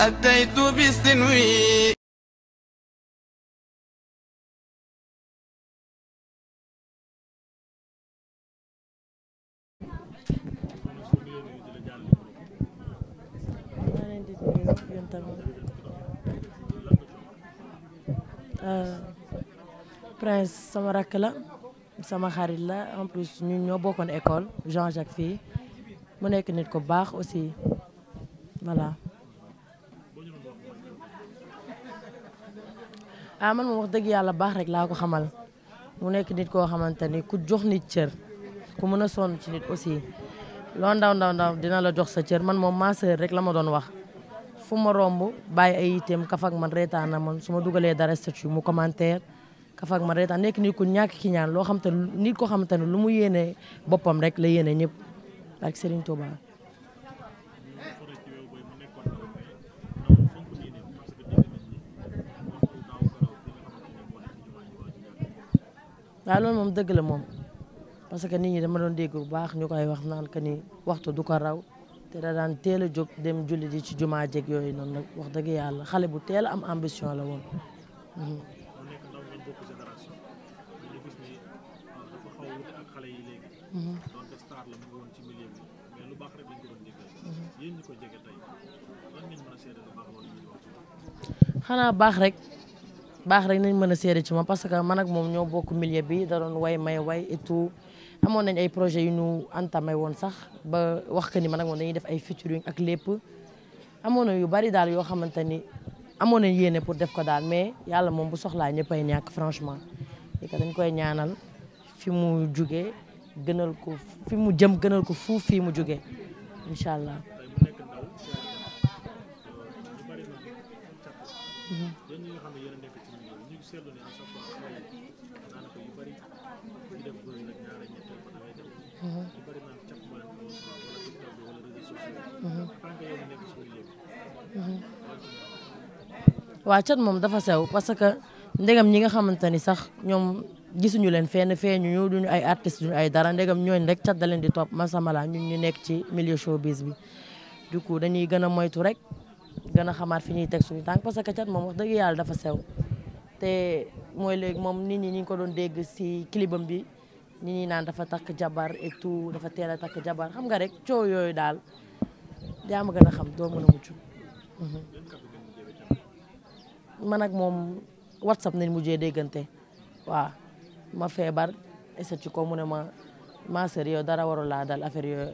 أتيت euh, Prince sama rakk la sama xarit la en plus ñun ñoo bokkoon école Jean-Jacques fii mu nekk nit ku baax aussi voilà ah man moom wax dëgg yàlla baax rek laa ko xamal mu nekk nit koo xamante ni ku jox nit cër ku mën a sonn ci nit aussi loo ndaw ndaw ndaw dina la jox sa cër man moom ma sœur rek la ma doon wax fu ma romb bàyyi ay itam kafak man reetaan na man su ma dugalee dara statut mu commentaire kafak man reetaan nekk nit ku ñàkk ki ñaan loo xam te koo xamante ne lu mu yéene boppam rek la yéene ñëpp ak Serigne Touba waaye moom dëgg la moom parce que nit ñi dama doon dégg bu baax ñu koy wax naan que ni waxtu du ko raw te da daan teel a jóg dem julli ji ci jumaa jeg yooyu noonu nag wax dëgg yàlla xale bu teel a am ambition la woon. Mhm. Mhm. xanaa baax rek baax rek nañ mën a seede ci moom parce que man moom ñoo bokk milieu bi da way may way et tout amoon nañ ay projets yu ñu entamé woon sax ba wax que ni man ak moom dañuy def ay featuring ak lépp amoon na yu bari daal yoo xamante ni amoon nañ yéene pour def ko daal mais yàlla moom bu soxlaa ñëppay ñàkk franchement li ko dañ koy ñaanal fi mu jugee gënal ko fi mu jëm gënal ko fuuf fii mu jugee incha allah yéen cat moom dafa sew parce que ndegam ñi nga xamante ni sax ñoom gisuñu leen fenn feeñu ñu duñu ay artistes duñu ay dara ndegam ñooñu rek cat leen di top masamala ñun ñu ñu nekk ci milieu showbiz bi du coup dañuy gën a moytu rek. gën a xamaat fi ñuy teg suñu tànk parce que cat moom wax dëgg yàlla dafa sew te mooy léegi moom nit ñi ñu ngi ko doon dégg si kilibam bi nit ñi naan dafa takk jabar et dafa teel a takk jabar xam nga rek coow yooyu daal yaa ma gën xam doo mën a mucc. Mhm. man ak moom whatsapp nañ mujjee déggante waaw ma feebar et ci ko mu ne ma ma sœur dara warul laa dal affaire yooyu.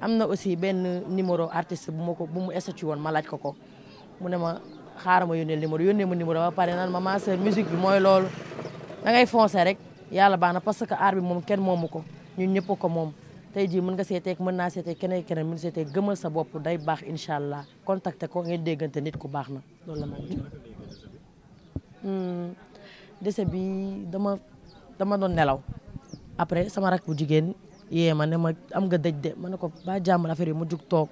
am na aussi benn numéro artiste bu ma ko bu mu ci woon ma laaj ko ko mu ne ma xaaral ma yónnee numéro yónnee ma numéro ba pare naan ma ma sœur musique bi mooy loolu da ngay foncer rek yàlla baax na parce que art moom kenn mu ko ñun ñëpp ko moom tey jii mën nga seeteeg mën naa seeteeg keneen keneen mën seeteeg gëmal sa bopp day baax incha allah contacter ko ngeen déggante nit ku baax na loolu la ma hmm. dese bi dama dama doon nelaw après sama rak bu jigéen yee ma ne ma am ga dëj de ma ne ko ba jàmmal affaire yi ma jug toog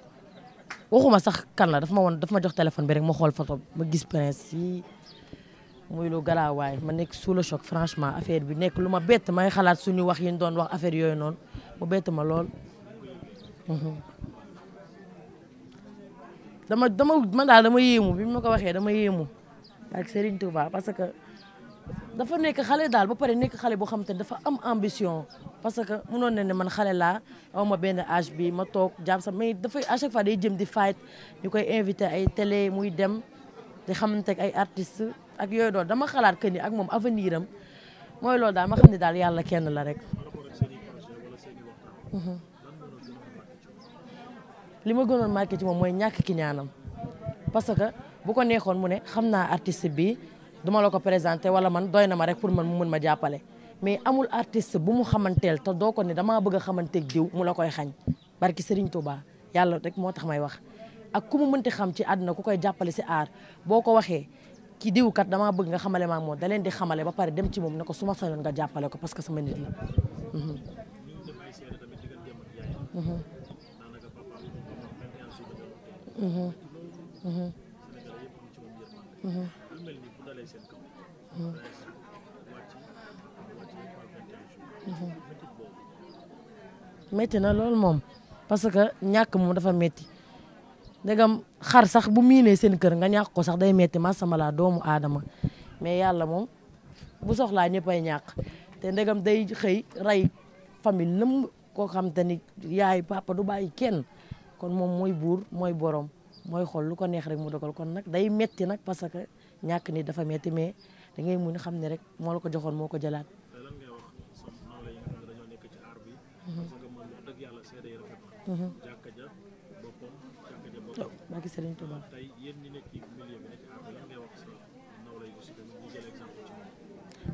waxuma sax kan la daf ma woon daf ma jox téléphone bi rek ma xool foto ma gis prince si muy lu garaawaay ma nekk suula le choc franchement affaire bi nekk lu ma bett may xalaat suñu wax yi doon wax affaire yooyu noonu mu bett ma lool. Mhm. dama dama man daal dama yéemu bi ma ko waxee dama yéemu ak Serigne Touba parce que. dafa nekk xale daal ba pare nekk xale boo xam te ne dafa am ambition parce que mënoon na ne man xale laa aw ma benn âge bi ma toog jàpp sax mais dafay à chaque fois day jëm di fight ñu koy invité ay tele muy dem di xamante ak ay artistes ak yooyu doon dama xalaat que ni ak moom avenir am mooy lool daal ma xam ne daal yàlla kenn la rek. Mhm. li ma gënoon marqué ci moom mooy ñàkk ki ñaanam parce que bu ko neexoon mu ne xam naa artist bi. duma la ko présenté wala man doy na ma rek pour man mu mën ma jàppale mais amul artist bu mu xamanteel te doo ko ne damaa bëgg a xamanteeg diw mu la koy xañ barki Serigne Touba yàlla rek moo tax may wax ak ku mu mënti xam ci àdduna ku koy jàppale si aar boo ko waxee ki diw kat damaa bëgg nga xamale maa moo da leen di xamale ba pare dem ci moom ne ko su ma sañoon nga jàppale ko parce que sama nit la. Mm-hmm. metti na lool moom parce que ñàkk moom dafa metti ndegam xar sax bu miinee seen kër nga ñàkk ko sax day metti ma sama laa doomu aadama mais yàlla moom bu soxlaa ñëppay ñàkk te ndegam day xëy ray famille lëmb koo xam te ni yaay papa du bàyyi kenn kon moom mooy buur mooy borom mooy xool ko neex rek mu dogal kon nag day metti nag parce ñàkk nii dafa metti mais da ngay mun xam ne rek moo la ko joxoon moo ko jëlaat. Mhm. Mhm. Oh, barki Serigne Touba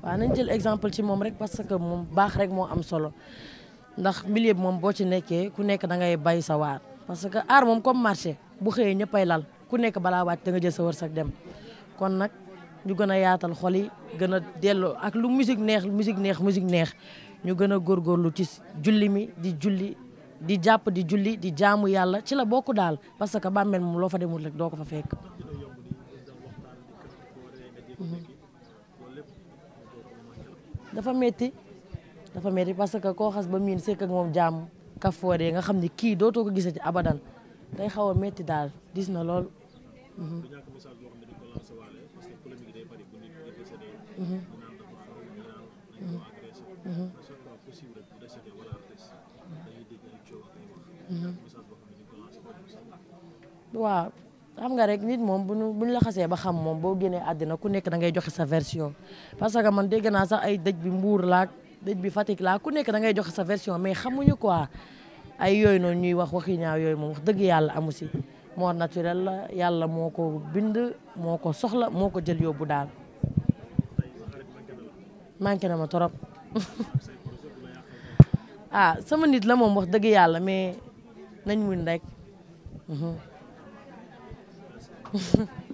waaw nañ jël exemple ci moom rek parce que moom baax rek moo am solo ndax milieu bi moom boo ci nekkee ku nekk da ngay bay sa waar parce que aar moom comme marché bu xëyee ñëppay lal ku nekk balaa wàcc da nga jël sa war wërsëg dem kon nag ñu gën a yaatal xol gën a delloo ak lu musique neex musique neex musique neex ñu gën a góor góorgóorlu ci julli mi di julli di jàpp di julli di jaamu yàlla ci la bokk daal parce que bàmmeel moom loo fa demul rek doo ko fa fekk. Mhm. dafa metti dafa metti parce que koo xas ba miin sekk ak moom jàmm kafoore nga xam ni kii dootoo ko gisati abadan day xaw a metti daal gis na lool. Mhm. waaw xam nga rek nit moom bu nu bu la xasee ba xam moom boo génnee àddina ku nekk da ngay joxe sa version parce que man dégg naa sax ay dëj bi Mbuur laa dëj bi Fatick laa ku nekk da ngay joxe sa version mais xamuñu ko ay yooyu noonu ñuy wax waxi ñaaw yooyu moom wax dëgg yàlla amu si mort naturel la yàlla moo ko bind moo ko soxla moo ko jël yóbbu daal. manqué na ma trop ah sama nit la moom wax dëgg yàlla mais nañ muñ rek.